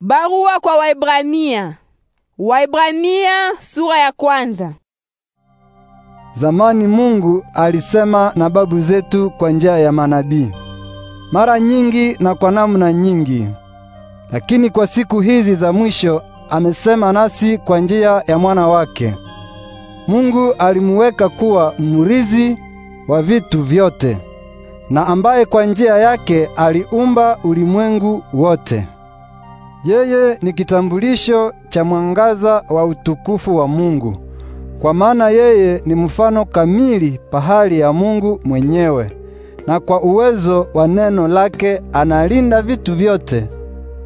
Barua kwa Waebrania. Waebrania sura ya kwanza. Zamani Mungu alisema na babu zetu kwa njia ya manabii. Mara nyingi na kwa namna nyingi. Lakini kwa siku hizi za mwisho amesema nasi kwa njia ya mwana wake. Mungu alimuweka kuwa murizi wa vitu vyote na ambaye kwa njia yake aliumba ulimwengu wote. Yeye ni kitambulisho cha mwangaza wa utukufu wa Mungu, kwa maana yeye ni mfano kamili pahali ya Mungu mwenyewe, na kwa uwezo wa neno lake analinda vitu vyote.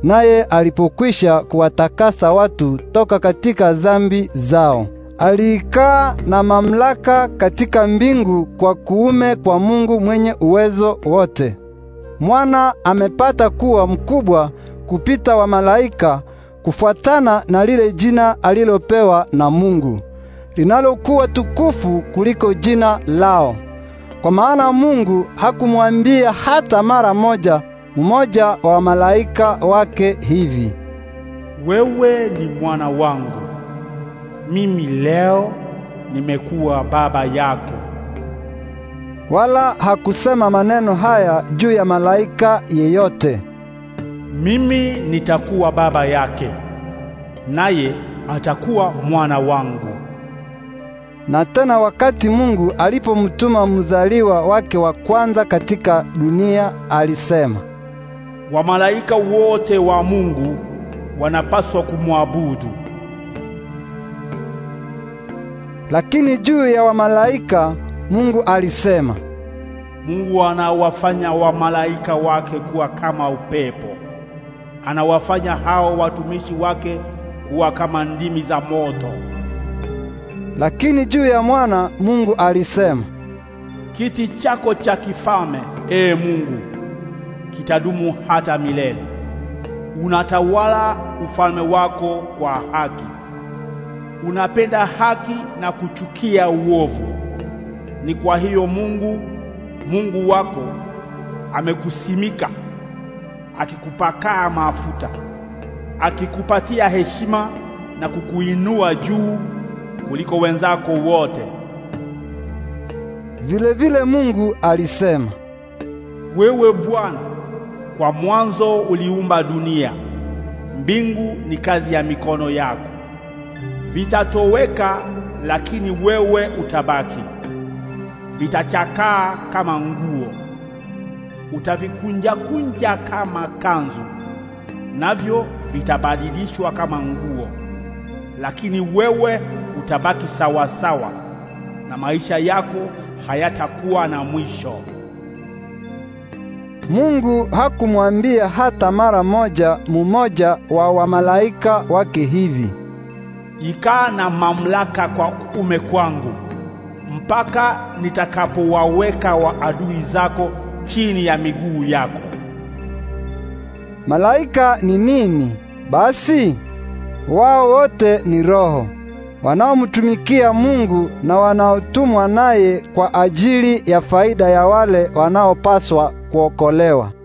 Naye alipokwisha kuwatakasa watu toka katika zambi zao, alikaa na mamlaka katika mbingu kwa kuume kwa Mungu mwenye uwezo wote. Mwana amepata kuwa mkubwa kupita wa malaika kufuatana na lile jina alilopewa na Mungu linalokuwa tukufu kuliko jina lao. Kwa maana Mungu hakumwambia hata mara moja mmoja wa malaika wake hivi: wewe ni mwana wangu, mimi leo nimekuwa baba yako. Wala hakusema maneno haya juu ya malaika yeyote. Mimi nitakuwa baba yake, naye atakuwa mwana wangu. Na tena wakati Mungu alipomtuma mzaliwa wake wa kwanza katika dunia, alisema, wamalaika wote wa Mungu wanapaswa kumwabudu. Lakini juu ya wamalaika Mungu alisema, Mungu anawafanya wamalaika wake kuwa kama upepo anawafanya hao watumishi wake kuwa kama ndimi za moto. Lakini juu ya mwana Mungu alisema, kiti chako cha kifalme, ee Mungu, kitadumu hata milele. Unatawala ufalme wako kwa haki, unapenda haki na kuchukia uovu. Ni kwa hiyo Mungu Mungu wako amekusimika akikupakaa mafuta, akikupatia heshima na kukuinua juu kuliko wenzako wote. Vile vile Mungu alisema, wewe Bwana, kwa mwanzo uliumba dunia. Mbingu ni kazi ya mikono yako. Vitatoweka, lakini wewe utabaki. Vitachakaa kama nguo utavikunja-kunja kama kanzu, navyo vitabadilishwa kama nguo, lakini wewe utabaki sawa sawa, na maisha yako hayatakuwa na mwisho. Mungu hakumwambia hata mara moja mumoja wa wamalaika wake hivi, ikaa na mamlaka kwa ume kwangu mpaka nitakapowaweka wa adui zako chini ya miguu yako. Malaika ni nini? Basi wao wote ni roho wanaomtumikia Mungu na wanaotumwa naye kwa ajili ya faida ya wale wanaopaswa kuokolewa.